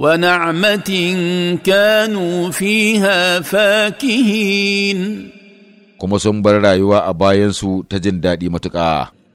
ونعمه كانوا فيها فاكهين kuma sun bar rayuwa a bayansu ta jin daɗi matuƙa.